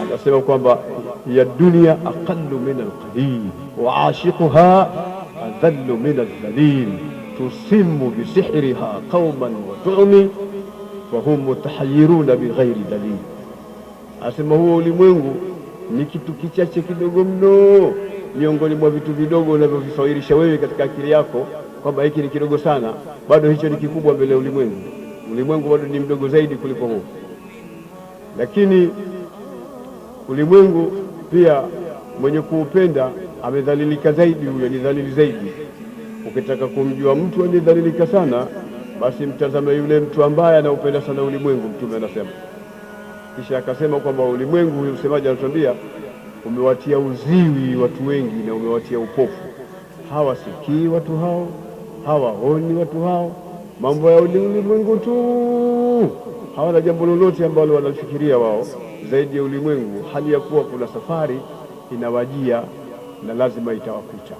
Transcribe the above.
anasema kwamba ya dunia aqallu min alqalil wa ashiquha adhallu min aldhalil tusimu bisihriha qauman wa tumi fahum mutahayiruna bighairi dalil. Anasema huo ulimwengu ni kitu kichache kidogo mno miongoni mwa vitu vidogo unavyovisawirisha wewe katika akili yako kwamba hiki ni kidogo sana, bado hicho ni kikubwa mbele ya ulimwengu. Ulimwengu bado ni mdogo zaidi kuliko huo lakini ulimwengu pia mwenye kuupenda amedhalilika zaidi, huyo ni dhalili zaidi. Ukitaka kumjua mtu aliyedhalilika sana, basi mtazame yule mtu ambaye anaupenda sana ulimwengu, Mtume anasema. Kisha akasema kwamba ulimwengu, huyo msemaji anatuambia, umewatia uziwi watu wengi na umewatia upofu, hawasikii watu hao, hawaoni watu hao, mambo ya ulimwengu tu hawana jambo lolote ambalo wanafikiria wao zaidi ya ulimwengu, hali ya kuwa kuna safari inawajia na lazima itawakuta.